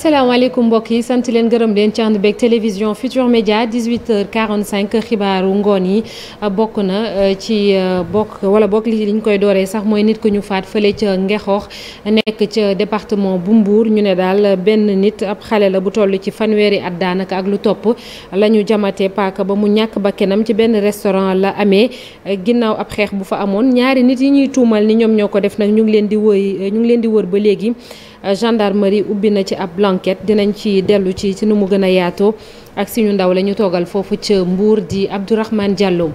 asalaamaaleykum mbokk yi sant leen gërëm leen ci ànd beeg télévision Futur Média 18h45 xibaaru ngoon yi bokk na euh, ci euh, bokk wala bokk li liñ koy dooree sax mooy nit ku ñu faat fële ca Ngexoox nekk ca département bu mbuur ñu ne daal benn nit ab xale la bu toll ci fanweeri at daanaka ak lu topp la ñu jamatee paaka ba mu ñàkk bakkanam ci benn restaurant la amee ginnaaw ab xeex bu fa amoon ñaari nit yi ñuy tuumal ni ñoom ñoo ko def nag ñu ngi leen di wëy ñu ngi leen di wër ba léegi. Euh, gendarmerie ubbi na ci ab blanquette dinañ ci dellu ci ci nu mu gën a yaatoo ak si suñu ndaw lañu ñu toogal foofu ca Mbour di Abdourahmane Diallo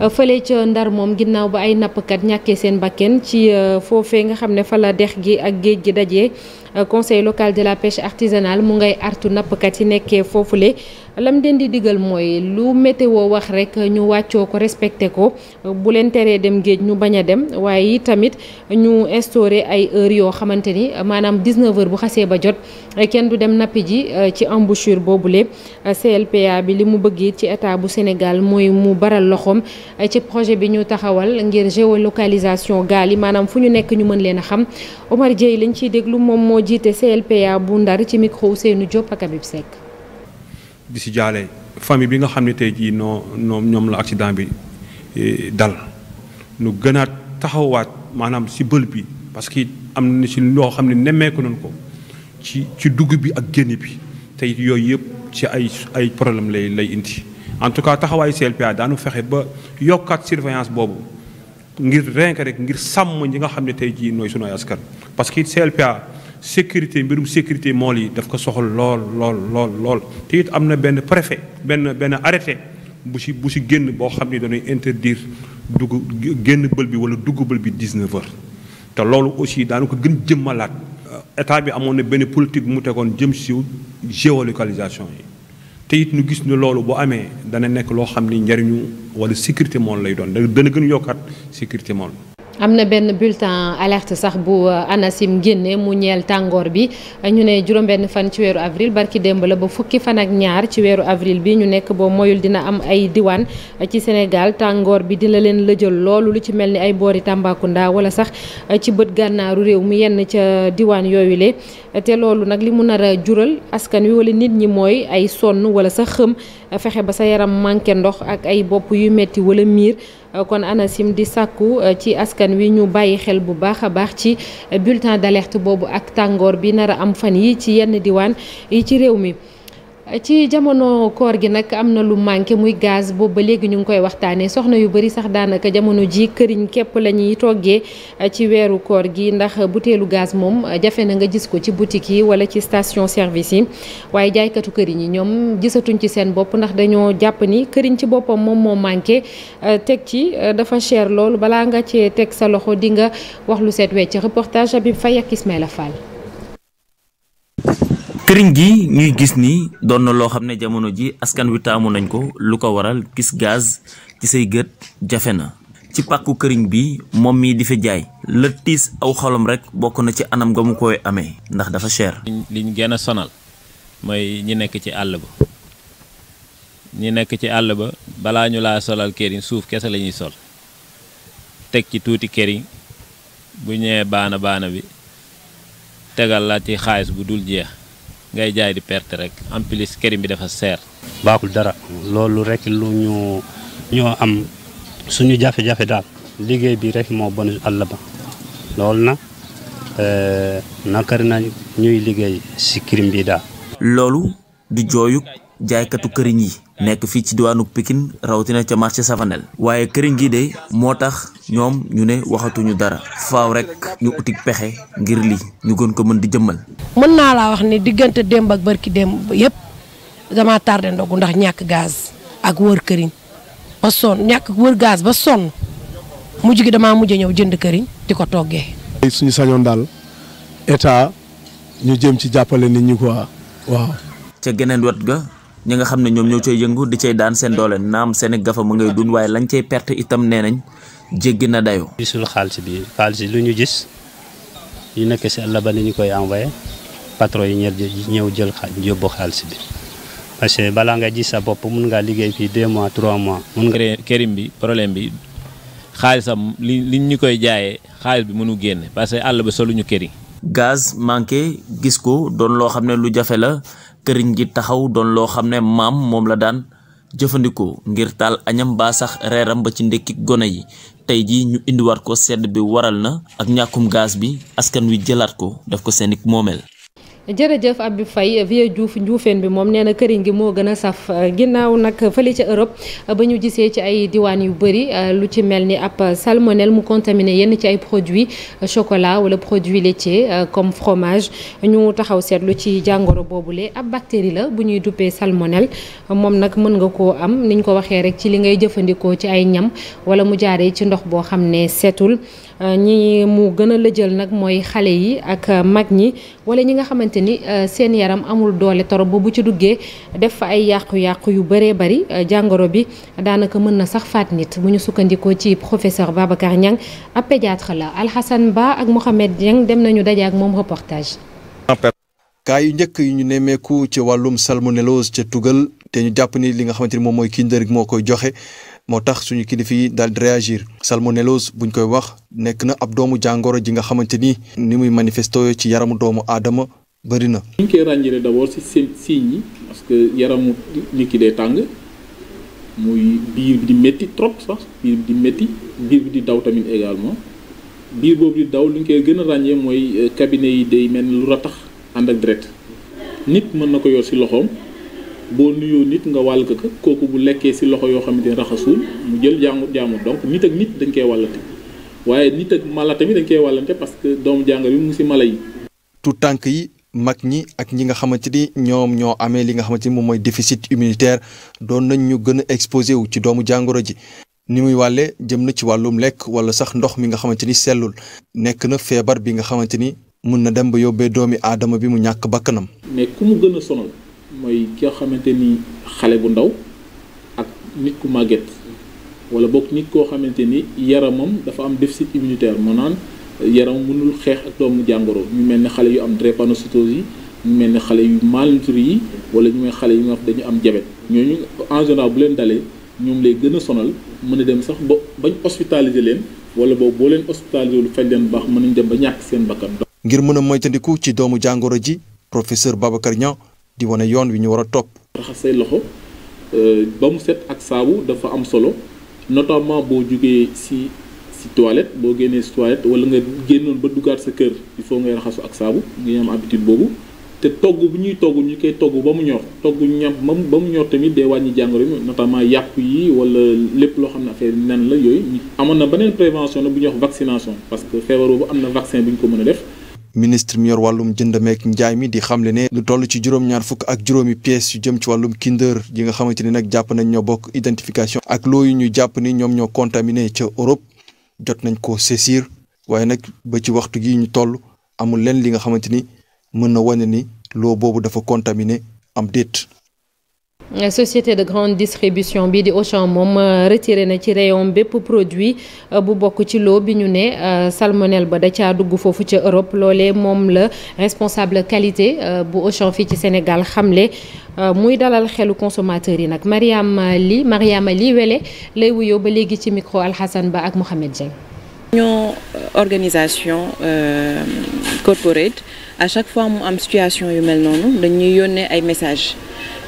euh, fële ca Ndar moom ginnaaw ba ay nappkat ñàkkee seen bakken ci euh, foofee nga xam ne fa la dex gi ak géej gi dajee Euh, conseil local de la pêche artisanale mu ngay artu nappkat yi nekkee foofu foofule lam den di digal mooy lu météo wax rek ñu wàccoo ko respecté ko euh, bu leen teree dem géej ñu bañ a dem waaye tamit ñu instauré ay heures yoo xamante ni euh, maanaam 19 heures bu xasee ba jot kenn du dem nappi ji ci embouchure boobule CLPA bi li mu bëgg it ci état bu Sénégal mooy mu baral loxoom ci projet bi ñu taxawal ngir géolocalisation gaal yi maanaam fu ñu nekk ñu mën leen a xam moo jiite CLPA bu Ndar ci micro Ousseynou Diop ak Habib Seck. di si jaale famille bi nga xam ne tey jii noo noo ñoom la accident bi eh, dal nu gënaat taxawaat maanaam si bël bi parce que am na si loo xam ne nemmeeku nañ ko ci ci dugg bi ak génn bi tey yooyu yëpp ci ay ay problème lay lay indi en tout cas taxawaayu CLPA daanu fexe ba yokkaat surveillance boobu ngir renk rek ngir sàmm ñi nga xam ne tey jii nooy sunu askan parce que CLPA sécurité mbirum sécurité mool yi daf ko soxal lool lool lool lool te am na benn préfet benn benn arrêté bu si bu si génn boo xam ne dañuy interdire dugg génn bël bi wala dugg bël bi 19 heures te loolu aussi daanu ko gën jëmmalaat état bi amoon na benn politique mu tegoon jëm si géolocalisation yi te it ñu gis ne loolu bu amee dana nekk loo xam ni njariñu wala sécurité mool lay doon dana gën yokkaat sécurité mool am na benn bulletin alerte sax bu euh, ANACIM génne mu ñeel tàngoor bi ñu ne juróom-benn fan ci weeru avril barki démb la ba fukki fan ak ñaar ci weeru avril bi ñu nekk boo moyul dina am ay diwaan ci Sénégal tàngoor bi dina leen lëjal loolu lu ci mel ni ay boori Tambacounda wala sax ci bët gànnaaru réew mi yenn ca diwaan yooyu le te loolu nag li mu nar a jural askan wi wala nit ñi mooy ay sonn wala sa xëm fexe ba sa yaram manqué ndox ak ay bopp yu metti wala miir kon ANACIM di sàkku eh, ci askan wi ñu bàyyi xel bu baax a baax ci eh, bulletin d'alerte boobu ak tàngoor bi nar a am fan yi ci yenn diwaan yi ci réew mi ci jamono koor gi nag am na lu manqué muy gaz boobu ba léegi ñu ngi koy waxtaanee soxna yu bëri sax daanaka jamono jii këriñ képp la ñuy toggee eh, ci weeru koor gi ndax butéelu gaz moom eh, jafe na nga gis ko ci boutique yi wala ci station service yi waaye jaaykatu këriñ yi ñoom gisatuñ ci seen bopp ndax dañoo jàpp ni këriñ ci boppam moom moo manqué eh, teg ci dafa cher loolu balaa nga cee teg sa loxo di nga wax lu seet wecc reportage Habib Faye ak la Fall këriñ gi ñuy gis ni doon na loo xam ne jamono ji askan wi taamu nañ ko lu ko waral gis gaas ci say gët jafe na ci pàkku këriñ bi moom mii di fi jaay la tiis aw xolom rek bokk na ci anam nga mu koy amee ndax dafa cher. liñ ñu gën a sonal mooy ñi nekk ci àll ba ñi nekk ci àll ba balaa ñu laa solal këriñ suuf kese lañuy sol teg ci tuuti këriñ bu ñëwee baana baana bi tegal la ci xaalis bu dul jeex. ngay jaay di perte rek en plus kërim bi dafa seer. baaxul dara loolu rek lu ñu ñoo am suñu jafe-jafe daal liggéey bi rek moo bon àll ba loolu na eh, nakari na ñuy liggéey si kërim bi daal. loolu du jooyuk jaaykatu këriñ yi nekk fii ci diwaanu pikin rawatina ca marché Savanel waaye këriñ gii de moo tax ñoom ñu ne waxatuñu dara faw rek ñu uti pexe ngir li ñu gën ko mën di jëmmal. mën naa laa wax ne diggante démb ak bërki démb yëpp dama tardé ndogu ndax ñàkk gaz ak wër këriñ ba sonn ñàkk wër gaz ba sonn mujj gi damaa mujj ñëw jënd këriñ di ko toggee. suñu sañoon daal état ñu jëm ci jàppale nit ñi quoi waaw. ca geneen wet ga. ñi nga xam ne ñoom ñoo cay yëngu di cay daan seen doole naam seen gafa mu ngay dund waaye lañ cay perte itam nee nañ jéggi na dayoo. gisul xaalis bi xaalis bi lu ñu gis yu nekk si àll ba ni ñu koy envoyé patron yi ñëw jël yóbbu xaalis bi. parce que balaa nga gis sa bopp mun ngaa liggéey fii deux mois trois mois. mun nga kërim bi problème bi xaalisam li li ñu koy jaayee xaalis bi mënu génne parce que àll bi soluñu këri gaz manqué gis ko doon loo xam ne lu jafe la këriñ gi taxaw doon loo xam ne maam moom la daan jëfandikoo ngir taal añam ba sax reeram ba ci ndekki gone yi tey jii ñu indiwaat ko sedd bi waral na ak ñàkkum gaz bi askan wi jëlaat ko def ko seenik moomeel jërëjëf Habib fay Vieux Diouf njuufeen bi moom nee na këriñ gi moo gën a saf ginnaaw nag fële ca Europe ba ñu gisee ci ay diwaan yu bëri lu ci mel ni ab salmonelle mu contaminé yenn ci ay produits chocolat wala produits laitiers comme fromage ñu taxaw seetlu ci jàngoro boobu boobule ab bactérie la bu ñuy duppee salmonel moom nag mën nga koo am niñ ko waxee rek ci li ngay jëfandikoo ci ay ñam wala mu jaaree ci ndox boo xam ne seetul. Euh, ñi mu gën a jël nag mooy xale yi ak euh, mag ñi wala ñi nga xamante ni euh, seen yaram amul doole torop ba bu ci duggee def fa ay yàqu-yàqu yu bëree bari jàngoro bi daanaka mën na sax faat nit bu ñu sukkandikoo ci professeur Babacar Niang ab pédiatre la Alhassane Ba ak Mohamed Niang dem nañu daje ak moom reportage. kaa yu njëkk yu ñu nemeeku ci wàllum salmonellose ca tugal te ñu jàpp ni li nga xamante ni moom mooy Kinder moo koy joxe moo tax suñu kilifa yi daal di réagir salmonellose buñ koy wax nekk na ab doomu jàngooro ji nga xamante ni ni muy manifesto ci yaramu doomu aadama bëri na. ñu koy ràññee d'abord ci seen signe yi parce que yaramu nit ki day tàng muy biir bi di trop sax biir di daw tamit également biir boobu di daw li koy gën a ràññee mooy euh, cabinet yi day mel lu ratax àndak dret deret nit mën na ko yor ci loxoom. boo nuyoo nit nga wàll ko kooku bu lekkee si loxo yoo xamante ni raxasul mu jël jaamu jaamu donc nit ak nit dañ koy wàllante waaye nit ak mala tamit dañ koy wàllante parce que doomu jàngoro bi mu si mala yi. tout tànk yi mag ñi ak ñi nga xamante ni ñoom ñoo amee li nga xamante ni moom mooy déficit immunitaire doon nañ ñu gën a exposé wu ci doomu jàngoro ji. ni muy wàlle jëm na ci wàllum lekk wala sax ndox mi nga xamante ni sellul nekk na feebar bi nga xamante ni mun na dem ba yóbbee doomi aadama bi mu ñàkk bakkanam. mooy ki xamante ni xale bu ndaw ak nit ku màgget wala boog nit koo xamante ni yaramam dafa am déficit moo naan yaram mënul xeex ak doomu jàngoro ñu mel ni xale yu am drépanocytose yi ñu mel ni xale yu malnutri yi wala ñu mooy xale yu nga wax dañu am jabet ñoo ñu général bu leen dalee ñoom lay gën a sonal mën a dem sax ba bañ hospitaliser leen wala boobu boo leen hospitaliser lu faj leen baax mën nañ dem ba ñàkk seen bakkan. ngir mën a moytandiku ci doomu jàngoro ji professeur Babacar Niang di wane yoon wi ñu war a topp. raxas say loxo euh, ba mu set ak saabu dafa am solo notamment boo jugee si si toilette boo génnee si toilette wala nga génnoon ba duggaat sa kër il faut ngay raxasu ak saabu nga am habitude boobu te togg bu ñuy togg ñu koy togg ba mu ñor togg ñam ba mu ñor tamit day wàññi jàngoro yi notamment yàpp yi wala lépp loo xam ne affaire nen la yooyu. amoon na beneen prévention na bu ñuy wax vaccination parce que feebar boobu am na vaccin bu ko mën a def. ministre mi wàllum jënd meek njaay mi di xamle ne lu toll ci juróom-ñaar fukk ak juróomi pièces yu jëm ci wàllum Kinder yi nga xamante ni nag jàpp nañ ñoo bokk identification ak loo yu ñu jàpp ni ñoom ñoo contaminé ca Europe jot nañ ko saisir waaye nag ba ci waxtu gi ñu toll amul leen li nga xamante ni mën na wane ni loo boobu dafa contaminé am déet société de grande distribution bii di Auchan moom euh, retiré na ci rayon bépp produit euh, bu bokk ci loo bi ñu ne euh, salmonelle ba da caa dugg foofu ca Europe loolee moom la responsable qualité bu Auchan fii ci Sénégal xamle muy dalal xelu consommateur yi nag Mariama Ly Mariama Ly Wele lay wuyoo ba léegi ci micro Alhassane Ba ak Mohamed Dieng. ñoo organisation euh, corporate à chaque fois mu am situation yu mel noonu dañuy yónnee ay messages.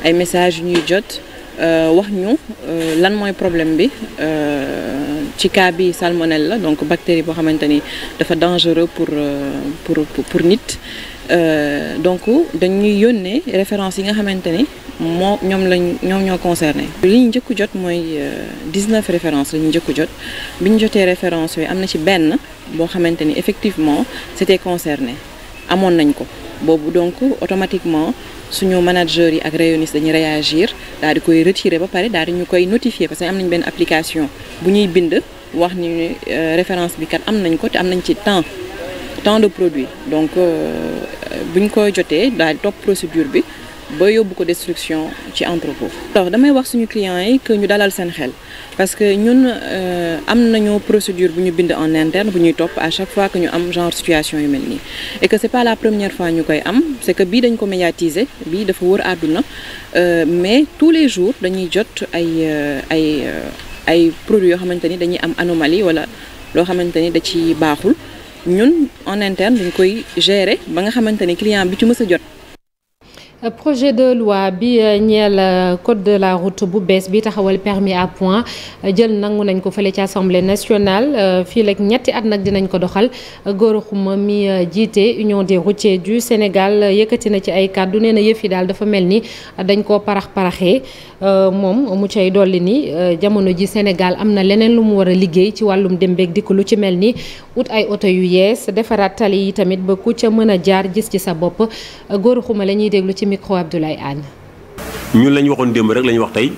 ay message ñuy jot euh, wax ñu euh, lan mooy problème bi euh, ci cas bi salmonelle la donc bactérie boo xamante ni dafa dangereux pour pour pour nit donc dañuy yónnee référence yi nga xamante ni moo ñoom lañ ñoom ñoo concerné li ñu njëkku jot mooy 19 références la ñu njëkku jot bi ñu jotee référence yooyu am na ci benn boo xamante ni effectivement c'était concerné amoon nañ ko boobu donc automatiquement suñu manager yi ak rayonnistes dañuy réagir daal di koy retirer ba pare daal di ñu koy notifier parce que am nañ benn application bu ñuy bind wax ni euh, référence bi kat am nañ ko te am nañ ci temps temps de produit donc euh, buñ ko jotee daal di topp procédure bi. ba yóbbu ko destruction ci entrepôt. alors damay wax suñu clients yi que ñu dalal seen xel parce que ñun euh, am nañu procédure bu ñu bind en interne bu ñuy topp à fois que ñu am genre situation yu mel nii et que c'est pas la première fois ñu koy am c'est que bii dañ ko médiatiser bii dafa wër àdduna euh, mais tous les jours dañuy jot ay euh, ay ay produits yoo xamante ni dañuy am anomalie wala loo xamante ni da ci baaxul ñun en interne dañ koy gérer ba nga xamante ni client bi ci mës a jot. projet de loi bi euh, ñeel euh, code de la route bu bees bi taxawal permis à point jël nangu nañ ko fële ci assemblée nationale euh, fii lek ñetti at nag dinañ ko doxal Gora Khouma mi jiite union des routiers ju Sénégal yëkkati na ci ay kàddu nee na yëf yi daal dafa mel ni dañ koo parax paraxee moom mu cay dolli ni jamono ji Sénégal am na leneen lu mu war a liggéey ci wàllum dem beeg dikk lu ci mel ni ut ay oto yu yees defaraat tali yi tamit ba ku ca mën a jaar gis ci sa bopp micro Abdoulaye Anne. la ñu waxoon démb rek la ñu wax tey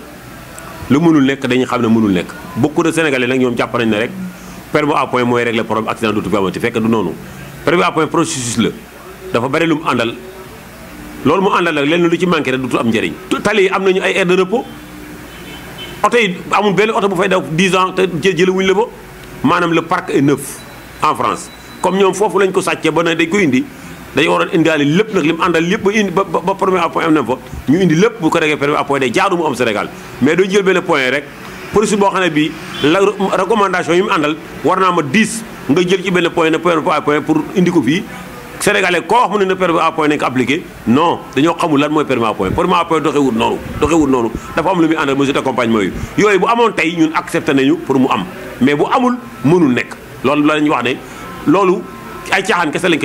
lu mënul nekk dañu xam ne mënul nekk beaucoup de sénégalais nag ñoom jàpp nañu ne rek permis à mooy régler problème accident dootu fi amati fekk du noonu permis à point la dafa bari lu mu àndal loolu mu àndal nag lenn lu ci manqué rek tu am njëriñ. tali yi am nañu ay aire de repos oto yi amul benn oto bu fay daw 10 an te jële wuñ la ba maanaam le parc est neuf en France comme ñoom foofu lañ ko sàccee ba ne dañ ko indi. dañu waroon indaale lépp nag li mu àndal lépp ba indi ba ba premier à am fa ñu indi lépp bu ko defee premier à point day jaadu mu am Sénégal mais doo jël benn point rek politique boo xam ne bii la recommandation yi mu àndal war naa ma 10 nga jël ci benn point ne premier à point pour indi ko fii sénégalais koo wax mu ne ne permis à point nañ ko appliqué non dañoo xamul lan mooy permis à point permis à point doxewut noonu doxewut noonu dafa am loolu la ñu wax ne loolu ay caaxaan kese lañ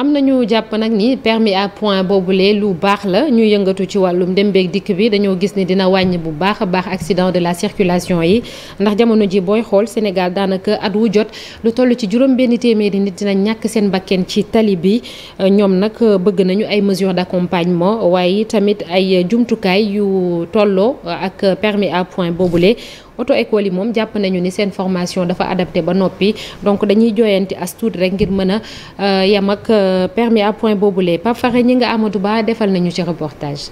am nañu jàpp nag ni permis à point boobule lu baax la ñu yëngatu ci wàllum dem beeg dikk bi dañoo gis ni dina wàññi bu baax a baax accident de la circulation yi ndax jamono ji booy xool Sénégal daanaka at wu jot lu toll ci juróom benn téeméeri nit dina ñàkk seen bakken ci tali bi ñoom nag bëgg nañu ay mesures d'accompagnement waaye tamit ay jumtukaay yu tolloo ak permis à point boobu boobule auto école yi moom jàpp nañu ni seen formation dafa adapté ba noppi donc dañuy jooyanti as tuuti rek ngir mën a euh, yam ak euh, permis à point boobule Pape Faxe ñi nga Amadou Ba defal nañu ci reportage.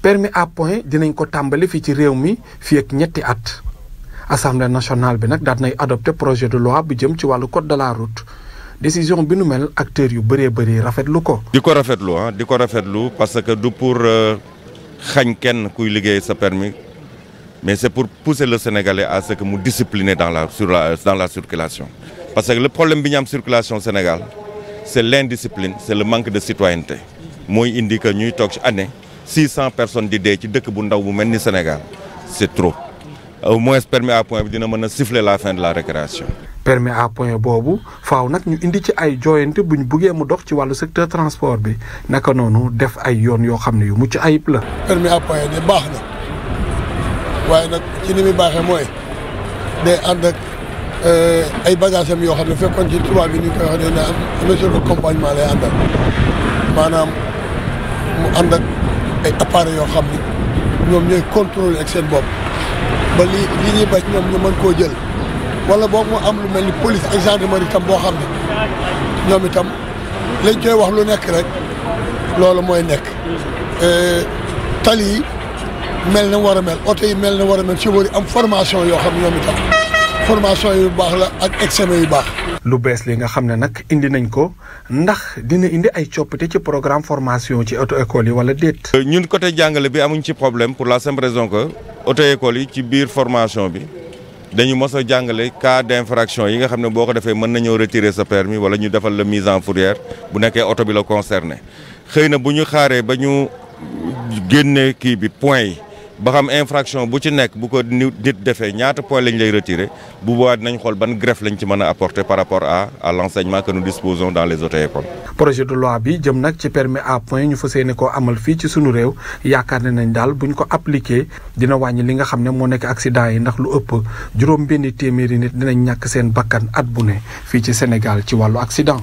permis à point dinañ ko tàmbali fii ci réew mi fii ak ñetti at assemblée nationale bi nag daat nay adopté projet de loi bu jëm ci wàllu code de la route. décision bi nu mel acteurs yu bëree bëri rafetlu ko. di ko rafetlu ah di ko rafetlu parce que du pour euh, xañ kenn kuy liggéey sa mais c'est pour pousser le Sénégalais à ce que mu discipliner dans la sur la dans la circulation parce que le problème bi ñu am circulation Sénégal c'est l'indiscipline c'est le manque de citoyenneté mooy indi que ñuy toog ci année six cent personnes di dee ci dëkk bu ndaw bu mel ni Sénégal c'est trop au moins permis à bi dina mën a siffler la fin de la récréation permis à point boobu faaw nag ñu indi ci ay jooyante bu ñu buggee mu dox ci wàllu secteur transport bi naka noonu def ay yoon yoo xam ne yu mucc ayib la permis baax waaye nag ci ni muy baaxee mooy day ànd ak euh, ay bagages am yoo xam ne fekkoon ci tubaab yi ñu koy wax ne ne am mesure d'accompagnement lay àndal maanaam mu ànd ak ay appareils yoo xam ni ñoom ñooy contrôler ak seen bopp ba li li ñuy bañ ñoom man koo jël wala boobu am lu mel ni police ma gendarmerie tam boo xam ne ñoom itam lañ koy wax lu nekk rek loolu mooy nekk euh, tali yi. mel na war a mel oto yi mel na war a mel chauffeur yi am formation yoo xam ñoom itam formation yu baax la ak examen yu baax. lu bees li nga xam ne nag indi nañ ko ndax dina indi ay coppite ci programme formation ci oto école yi wala déet. Euh, ñun côté jàngale bi amuñ ci problème pour la simple raison que école yi ci biir formation bi dañu mos a jàngale cas d' infraction yi nga xam ne boo ko defee mën nañoo retirer sa permis wala ñu defal la mise en fourrière bu nekkee oto bi la xëy na bu ñu xaaree ba ñu génnee kii bi point yi. ba xam infraction bu ci nekk bu ko nit defee ñaata point lañ lay retirer bu boobaa dinañ xool ban greffe lañu ci mën a apporter par rapport à à l' enseignement que nous disposons dans les autres écoles. projet de loi bi jëm nag ci permis à point ñu fas yéene koo amal fii ci sunu réew yaakaar nañ daal buñ ko appliqué dina wàññi li nga xam ne moo nekk accident yi ndax lu ëpp juróom benni téeméeri nit dinañ ñàkk seen bakkan at bu ne fii ci Sénégal ci wàllu accident.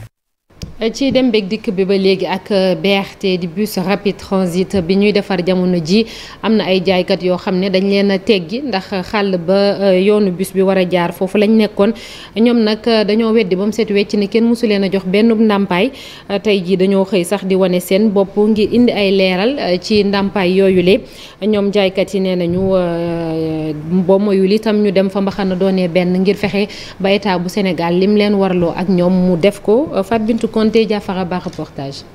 Euh, ci dem beeg dikk bi ba léegi ak euh, BRT di bus rapide transit bi ñuy defar jamono ji am na ay jaaykat yoo xam ne dañ leen a teggi ndax xàll ba euh, yoonu bus bi war a jaar foofu lañ nekkoon ñoom nag dañoo weddi ba mu set wecc ne kenn mosu leen a jox benn ndàmpaay tey jii dañoo xëy sax di wane seen bopp ngir indi ay leeral ci ndàmpaay yooyu le ñoom jaaykat yi nee nañu boo moyul itam ñu dem fa mbaxana doonee benn ngir fexe ba état bu Sénégal lim leen warloo ak ñoom def ko Konté Diafara Ba reportage.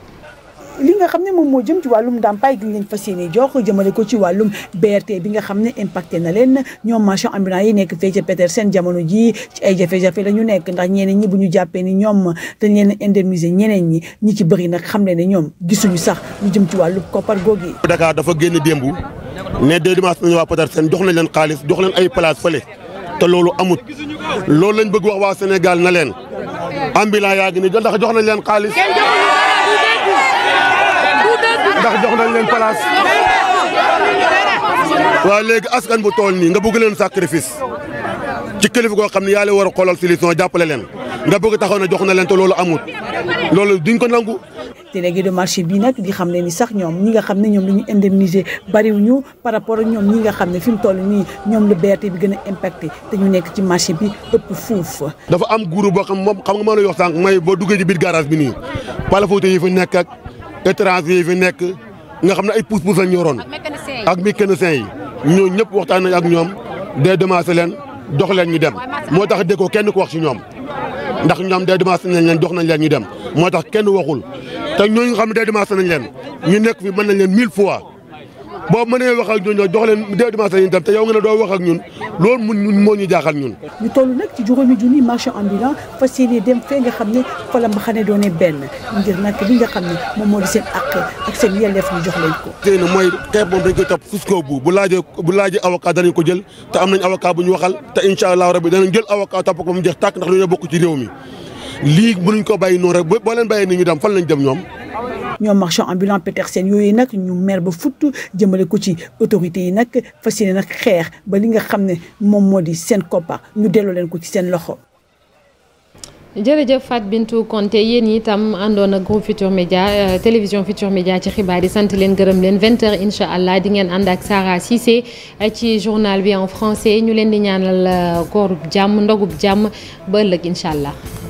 li nga xam ne moom moo jëm ci wàllum ndàmpaay gi leen fas yéene jox jëmale ko ci wàllum BRT bi nga xam ne impacté na leen ñoom marchand ambulant yi nekk fee ca jamono ji ci ay jafe-jafe nekk ndax ñeneen ñi bu ñu jàppee ni ñoom dañ leen indemniser ñeneen ñi ñi ci bëri nag xam ne ne ñoom gisuñu sax ñu jëm ci wàllu koppar googu Dakar dafa génn démb ne deux dimanche nañu waa seen jox nañ leen xaalis jox leen ay place fële te loolu amut loolu lañ bëgg wax waa Sénégal na leen ambulant yaa ngi nii jël ndax jox na leen xaalis ndax jox nañ leen place waa léegi askan bu tool nii nga bëgg leen sacrifice ci kilifa goo xam ne yaa leen war a xoolal solution jàppale leen nga bëgg taxaw ne jox na leen te loolu amut loolu duñ nangu délégué de marché bi nag di xam ne ni sax ñoom ñi nga xam ne ñoom la ñu indemniser bariwuñu par rapport ak ñoom ñi nga xam ne fi mu toll nii ñoom la BRT bi gën a impacté te ñu nekk ci marché bi ëpp fuuf. dafa am guru boo xam moom xam nga maa lay wax sànq may boo duggee ci biir garage bi nii palafoote yi fa nekk ak étranger yi fa nekk nga xam ne ay pousse pousse lañ yoroon ak mi mécanicien yi ñoo ñëpp waxtaan ak ñoom day demassé leen dox leen ñu dem moo tax déggoo kenn ko wax ci ñoom ndax ñoom day démarché nañ leen jox nañ leen ñu dem moo tax kenn waxul te ñooñu nga xam ne day démarché nañ leen ñu nekk fi mën nañ leen mille fois boo mënee wax ak ñun ñoo jox leen deux dimanche la ñuy dem te yow nga ne doo wax ñun loolu mun moo ñu jaaxal ñun. ñu toll nag ci juróomi junni marché ambulant fas yéene dem fee nga xam ne fa la mbaxane doone benn ngir nag li nga xam ne moom moo di seen àq ak seen yelleef ñu jox leen ko. tey nag mooy képp moom dañ koy topp jusqu'au bout bu bu laajee avocat danañ ko jël te am nañ avocat bu ñu waxal te incha allah rabi danañ jël avocat topp ko mu jeex tàkk ndax bokk ci réew mi lii mënuñ ko bàyyi noonu rek boo leen bàyyee ni ñu dem fan lañ dem ñoom ñoom marchand ambulant Petersen yooyu nag ñu mer ba futt jëmale ko ci autorités yi nag fas yéene nag xeex ba li nga xam ne moom moo di seen koppar ñu delloo leen ko ci seen loxo. jërëjëf Fat Bintou Konté yéen itam àndoon ak groupe Futur Média euh, télévision Futur Média ci xibaar yi sant leen gërëm leen 20h incha allah di ngeen ànd ak Sara Cissé euh, ci journal bi en français ñu leen di ñaanal euh, koorub jàmm ndogub jàmm ba ëllëg incha allah.